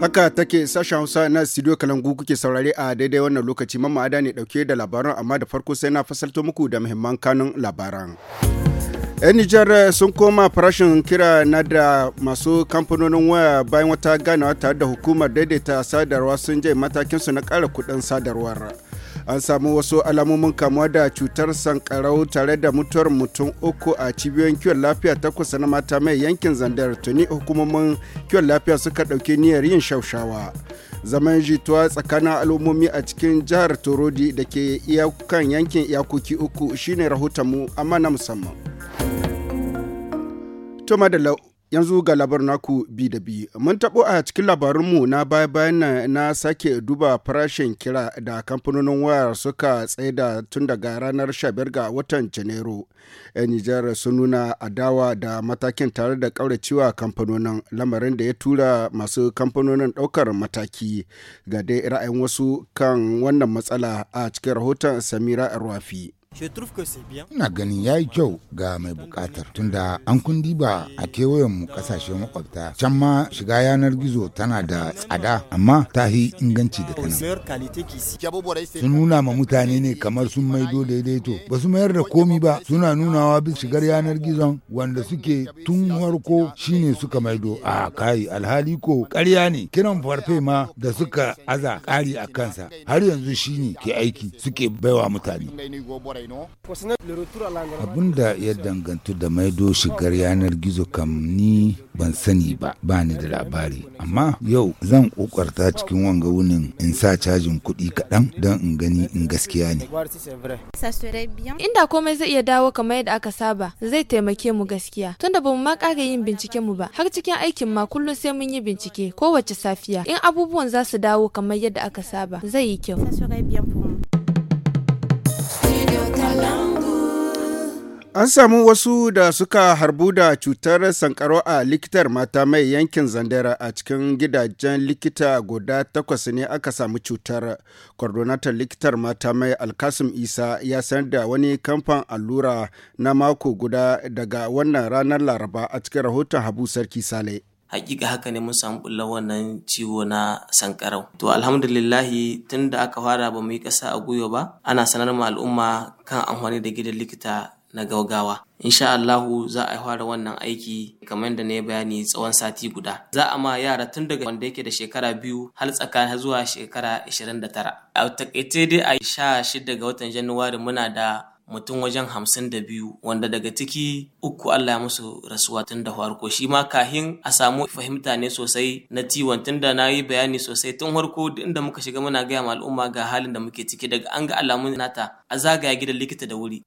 Haka take sashen Hausa na studio Kalangu kuke saurare a daidai wannan lokaci mamada ne dauke da labaran amma da farko sai na fasalto muku da muhimman kanun labaran. 'yan nijar sun koma farashin kira na da masu kamfanonin waya bayan wata ganawa tare da hukumar daidaita sadarwa sun je matakinsu na kara kudin sadarwar an samu wasu alamomin kamuwa da cutar sankarau tare da mutuwar mutum uku a cibiyoyin kiwon lafiya kusa na mata mai yankin zandar tuni hukumomin kiwon lafiya suka ɗauki niyyar yin shaushawa zaman jituwa tsakanin al'ummomi a cikin jihar torodi da ke iyakan yankin iyakoki uku shine rahoton mu amma na musamman. yanzu ga labar naku bi da bi mun tabo a cikin labarunmu na baya bayan na sake duba farashin kira da kamfanonin wayar suka tsaida tun daga ranar 15 ga watan janairu yan nijar sun nuna adawa da matakin tare da kauracewa kamfanonin lamarin da ya tura masu kamfanonin ɗaukar mataki ga dai ra'ayin wasu kan wannan matsala a cikin rahoton samira rafi Ina ganin ya yi kyau ga mai bukatar tunda an kundi ba a kewayen mu kasashe makwabta can ma shiga yanar gizo tana da tsada amma ta yi inganci da tana. Sun nuna ma mutane ne kamar sun maido daidaito ba su mayar da komi ba suna nunawa bi shigar yanar gizon wanda suke tun warko shine suka maido a kai alhali ko karya ne kiran farfe ma da suka aza ƙari a kansa har yanzu shine ke aiki suke baiwa mutane. Kwaraino. Abin da ya dangantu da maido shigar yanar gizo kam ni ban sani ba ba ni da labari amma yau zan kokarta cikin wanga wunin in sa cajin kuɗi kaɗan don in gani in gaskiya ne. Inda komai zai iya dawo kamar yadda aka saba zai taimake mu gaskiya tunda ba mu ma ƙara yin binciken mu ba har cikin aikin ma kullum sai mun yi bincike kowace safiya in abubuwan za su dawo kamar yadda aka saba zai yi kyau. An samu wasu da suka harbu da cutar sankaro a likitar mata mai yankin Zandera a cikin gidajen likita guda takwas ne aka samu cutar. kwardonatar likitar mata mai Alkasim Isa ya sanar da wani kamfan allura na mako guda daga wannan ranar Laraba a cikin rahoton Habu Sarki Sale. hakika haka ne mun samu bulla wannan ciwo na sankarau to alhamdulillahi tun da aka fara ba mu yi ƙasa a gwiwa ba ana sanar ma al'umma kan amfani da gidan likita na gaugawa. Insha Allahu za a fara wannan aiki kamar da na yi bayani tsawon sati guda. Za a ma yara tun daga wanda yake da shekara biyu har tsakanin zuwa shekara 29. A takaice dai a sha shida ga watan Januwari muna da mutum wajen hamsin da biyu wanda daga ciki uku Allah ya musu rasuwa tun da farko shi ma kahin a samu fahimta ne sosai na ciwon tun da na yi bayani sosai tun farko inda muka shiga muna gaya ma al'umma ga halin da muke ciki daga an ga alamun nata a zagaya gidan likita da wuri.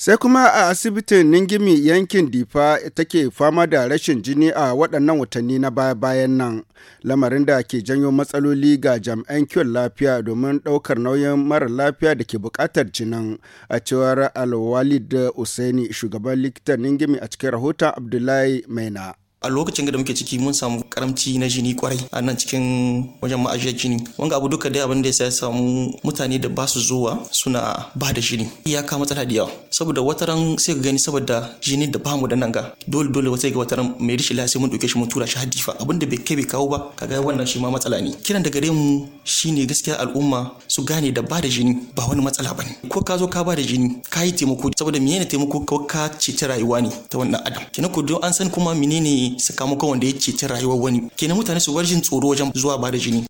sai kuma a asibitin ningimi yankin difa take fama da rashin jini a waɗannan watanni na baya-bayan nan lamarin da ke janyo matsaloli ga jami'an kiwon lafiya domin ɗaukar nauyin mara lafiya da ke buƙatar jinin a cewar alwalid usaini shugaban likitan ningimi a cikin rahoton abdullahi maina a lokacin da muke ciki mun samu karamci na jini kwarai a nan cikin wajen ma'ajiyar jini wanga abu duka dai abinda sa ya samu mutane da ba su zuwa suna ba da jini iyaka matsala da yawa saboda wataran sai ka gani saboda jini da bamu da nan ga dole dole wata ga wataran mai rishi lafiya mun dauke shi mun tura shi hadifa abinda bai kai bai kawo ba kaga wannan shi ma matsala ne kiran da gare mu shine gaskiya al'umma su gane da ba da jini ba wani matsala bane ko ka zo ka ba da jini ka yi taimako saboda menene taimako ko ka ta rayuwa ne ta wannan adam kenan ko don an san kuma menene ne sakamakon wanda ya ceci rayuwar wani kenan mutane su warjin tsoro wajen zuwa ba da jini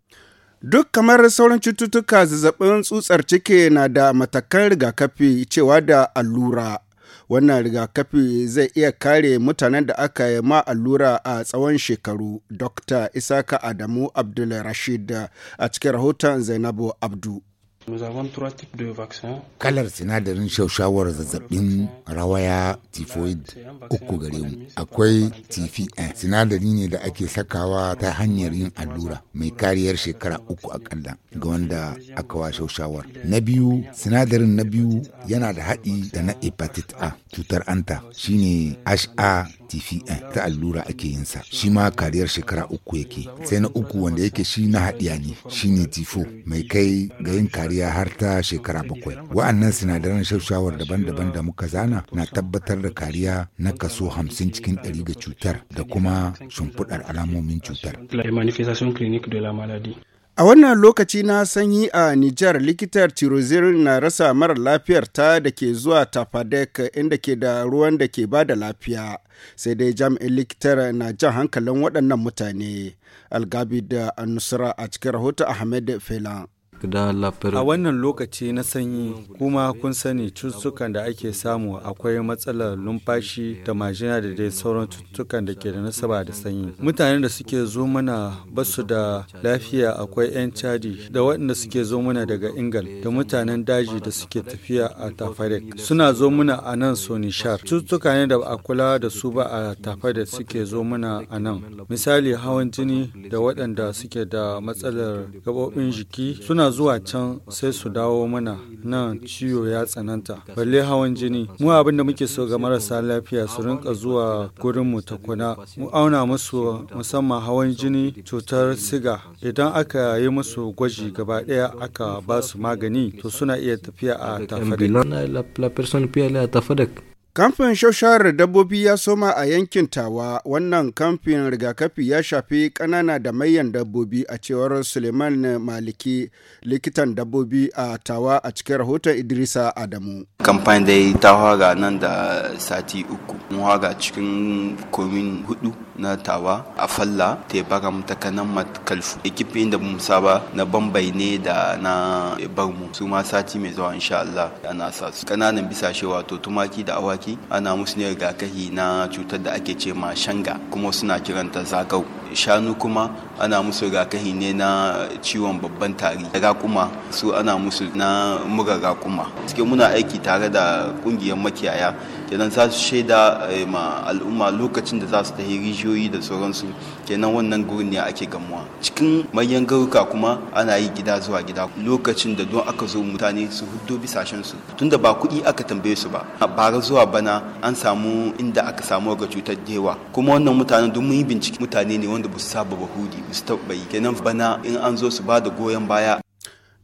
duk kamar sauran cututtuka zazzabin tsutsar ciki na da matakan rigakafi cewa da allura wannan rigakafi zai iya kare mutanen da aka yi ma allura a tsawon shekaru dr isaka adamu abdul rashid a cikin rahoton zainabu abdu Kalar sinadarin shaushawar zazzabin rawaya typhoid uku gare mu. Akwai tifi sinadari ne da ake sakawa ta hanyar yin allura mai kariyar shekara uku akalla ga wanda aka wa shaushawar. Na biyu sinadarin na biyu yana da haɗi da na hepatitis A cutar anta shine HA TFN ta allura ake yin sa shi ma kariyar shekara uku yake sai na uku wanda yake shi na haɗiya ne shine tifo mai kai ga yin kariya har ta shekara bakwai wa'annan sinadaran shawar daban-daban da muka zana na tabbatar da kariya na kaso hamsin cikin ɗari ga cutar da kuma shimfiɗar alamomin cutar. dola A wannan lokaci na sanyi a Nijar likitar Tirozir na rasa mara lafiyar ta da ke zuwa Tafadek inda ke da ruwan da ke bada lafiya. Sai dai jami'in likitar na jan hankalin waɗannan mutane. Algabi da Anusra a cikin rahoton Ahmed Felan. A wannan lokaci na sanyi kuma kun sani cututtukan da ake samu akwai matsalar numfashi da majina da dai sauran cututtukan da ke da nasaba da sanyi. Mutanen da suke zo mana basu da lafiya akwai 'yan cadi da waɗanda suke zo mana daga Ingal da mutanen daji da suke tafiya a tafarek Suna zo mana a nan nishar Cututtuka ne da ba a kula da su ba a tafarek suke zo mana a nan. Misali hawan jini da waɗanda suke da matsalar gaɓoɓin jiki suna zuwa can sai su dawo mana nan ciwo ya tsananta. Balle hawan jini. Mu abin da muke so ga marasa lafiya su rinka zuwa gurin mu tukuna. Mu auna musu musamman hawan jini, cutar siga. Idan aka yi musu gwaji gaba ɗaya aka ba su magani to suna iya tafiya a tafadak. Kamfin shaushawar dabbobi ya soma a yankin Tawa, wannan kamfin rigakafi ya shafi kanana da mayan dabbobi a cewar Suleiman Maliki, likitan dabbobi a Tawa a cikin rahoton Idrisa Adamu. Kamfan dai ta haga nan da sati uku, mun haga cikin komin hudu na Tawa, a Falla, Tebaram, Takanan matakalfu. Ekipin da mun saba na Bambai ne da na Barmu, su ma sati mai zuwa insha Allah ana sa su. bisa wato tumaki da awaki baki ana musu ne rigakafi na cutar da ake ce ma shanga kuma suna kiranta zagau shanu kuma ana musu rigakafi ne na ciwon babban tari rakuma su ana musu na mura rakuma cikin muna aiki tare da kungiyar makiyaya kenan za su shaida eh, ma al'umma lokacin da za su tafi rijiyoyi da sauransu kenan wannan gurin ne ake gamuwa cikin manyan garuka kuma ana yi gida zuwa gida lokacin da don aka zo mutane su hudo bisashen su tunda ba kuɗi aka tambaye su ba bara zuwa bana an samu inda aka samu ga cutar dewa kuma wannan mutanen don mun yi bincike mutane ne wanda su saba ba hudi bu taɓa yi kenan bana in an zo su ba da goyon baya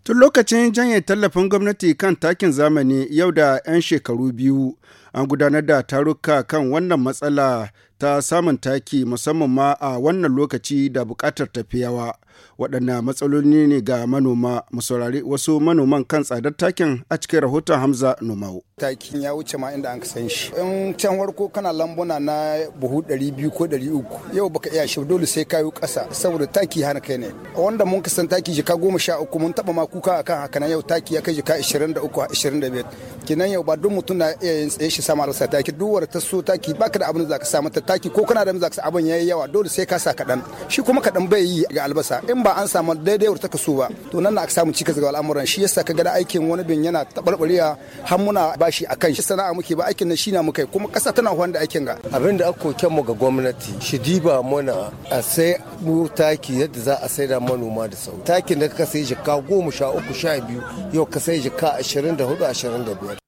Tun lokacin janye tallafin gwamnati kan takin zamani yau da 'yan shekaru biyu an gudanar da taruka kan wannan matsala ta samun taki musamman ma a wannan lokaci da buƙatar tafi yawa. Waɗanne matsaloli ne ga manoma masaurari wasu manoman kan tsadar takin a cikin rahoton Hamza Numau. Takin ya wuce ma inda an san shi. In can warko kana lambuna na buhu 200 ko 300 yau baka iya shi dole sai kayo ƙasa saboda taki hana kai ne. Wanda mun san taki jika goma sha uku mun taɓa ma kuka akan haka na yau taki ya kai jika 23 25 kinan yau ba duk mutum na iya yin tsaye shi sama rasa taki duk ta so taki baka da abin da zaka sa mata taki ko kana da sa abin yayi yawa dole sai ka sa kaɗan shi kuma kaɗan bai yi ga albasa in ba an samu daidai ka so ba to nan na aka samu cikas ga al'amuran shi yasa ka ga da aikin wani bin yana tabarbariya har muna bashi akan shi sana'a muke ba aikin nan shi na muke kuma kasa tana huwan da aikin ga abin da aka mu ga gwamnati shi diba mana a sai mu taki yadda za a saida manoma da sau takin da ka sai jika goma sha uku sha biyu yau ka sai jika ashirin da hudu ashirin da biyar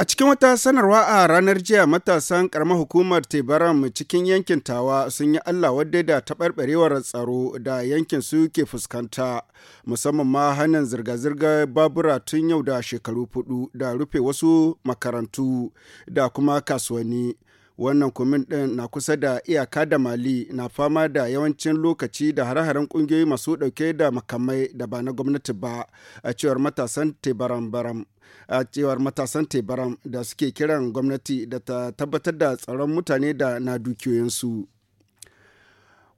A cikin wata sanarwa a ranar jiya matasan karamar hukumar Tebaram cikin yankin Tawa sun yi Allah wadda da taɓarɓarewar tsaro da yankin su ke fuskanta, musamman ma hannun zirga-zirgar babura tun yau da shekaru fudu da rufe wasu makarantu da kuma kasuwanni. wannan kumin ɗin na kusa da iyaka da mali na fama da yawancin lokaci da hare-haren ƙungiyoyi masu ɗauke da makamai da ba na gwamnati ba a cewar matasan tebaram-baram a cewar matasan tebaram da suke kiran gwamnati da ta tabbatar da tsaron mutane da na dukiyoyinsu.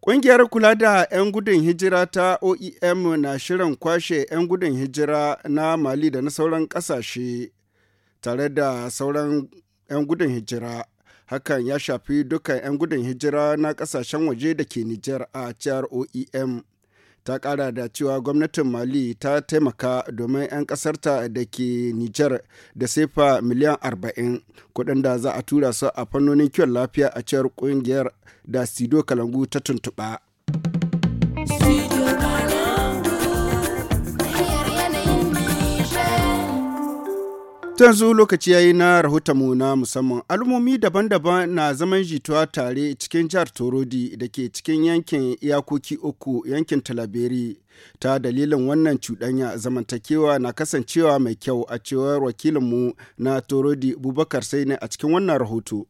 Ƙungiyar kula da 'yan gudun hijira ta OEM na shirin kwashe 'yan gudun hijira na Mali da na sauran ƙasashe tare da sauran 'yan gudun hijira Hakan ya shafi dukkan 'yan gudun hijira na kasashen waje da ke Nijar a jihar OEM. Ta ƙara da cewa gwamnatin Mali ta taimaka domin 'yan ƙasarta da ke Nijar da sefa miliyan 40 kuɗin da za a tura su a fannonin kiwon lafiya a cewar ƙungiyar da Sido Kalangu ta tuntuɓa. yanzu lokaci ya yi na mu na musamman al'ummomi daban-daban na zaman jituwa tare cikin jihar torodi da ke cikin yankin iyakoki uku yankin talaberi ta dalilin wannan cuɗanya zamantakewa na kasancewa mai kyau a cewar wakilinmu na torodi bubakar sai ne a cikin wannan rahoto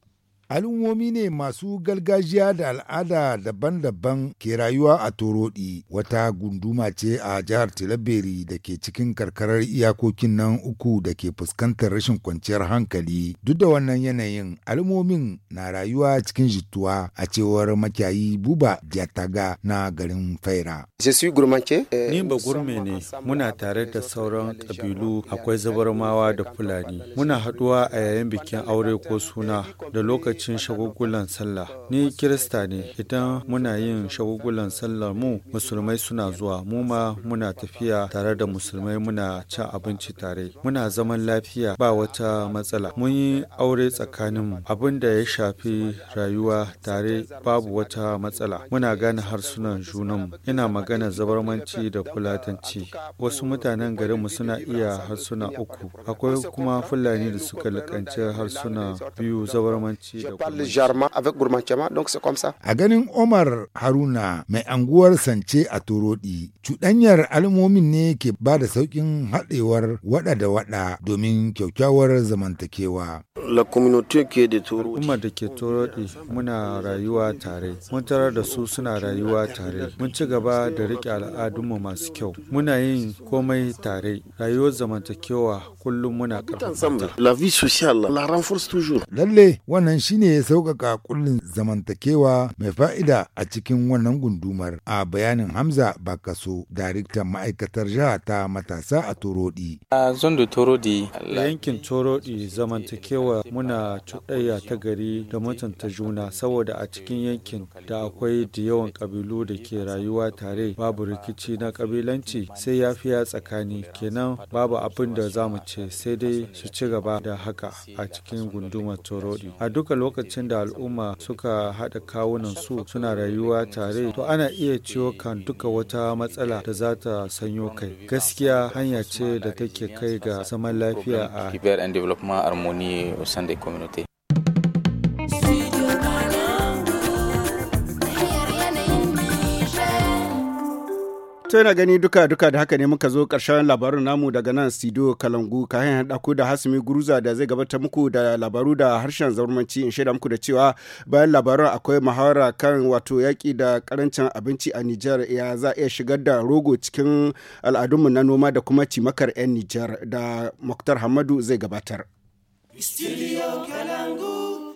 al'ummomi ne masu gargajiya da al'ada daban-daban ke rayuwa a torodi wata gunduma ce a jihar tilaberi da ke cikin karkarar iyakokin nan uku da ke fuskantar rashin kwanciyar hankali duk da wannan yanayin al'ummomin na rayuwa cikin jituwa a cewar makiyayi buba jataga na garin faira eh, ni ba ne muna tare da sauran kabilu akwai zabarmawa da fulani muna haɗuwa a yayin bikin aure ko suna da lokaci lokacin shagugulan sallah. Ni Kirista ne, idan muna yin shagugulan sallar mu musulmai suna zuwa, mu ma muna tafiya tare da musulmai muna cin abinci tare. Muna zaman lafiya ba wata matsala. Mun yi aure tsakaninmu abin da ya shafi rayuwa tare babu wata matsala. Muna gane harsunan junanmu. Ina magana zabarmanci da fulatanci. Wasu mutanen garin mu suna iya harsuna uku. Akwai kuma Fulani da suka lakanci harsuna biyu zabarmanci parle jarma avec donc c'est comme ça. A ganin Omar Haruna mai anguwar Sance a Torodi, cuɗanyar almomin ne ke ba da sauƙin haɗewar waɗa da waɗa domin kyaukyawar zamantakewa. Al'ummar da ke toroɗi muna rayuwa tare, mun tarar da su suna rayuwa tare, mun ci gaba da riƙe al'adunmu masu kyau. Muna yin komai tare, rayuwar zamantakewa kullum muna toujours. Lalle wannan shine ya sauƙaƙa kullum zamantakewa mai fa'ida a cikin wannan gundumar a bayanin Hamza Bakaso, daraktan ma'aikatar jiha ta matasa a toroɗi A Yankin Torodi zamantakewa yawa muna cuɗayya ta gari da mutunta juna saboda a cikin yankin da akwai da yawan ƙabilu da ke rayuwa tare babu rikici na ƙabilanci sai yafiya tsakani kenan babu abin da za mu ce sai dai su ci gaba da haka a cikin gundumar torodi a duka lokacin da al'umma suka haɗa kawunan su suna rayuwa tare to ana iya ciwo kan duka wata matsala da za ta sanyo kai gaskiya hanya ce da take kai ga zaman lafiya a au sein des communautés. gani duka duka da haka ne muka zo karshen labarin namu daga nan studio kalangu kayan haɗa ku da hasumi guruza da zai gabatar muku da labaru da harshen zaurmanci in shaida muku da cewa bayan labaran akwai muhawara kan wato yaki da karancin abinci a nijar ya za iya shigar da rogo cikin al'adunmu na noma da kuma cimakar 'yan nijar da muktar hamadu zai gabatar. Studio California.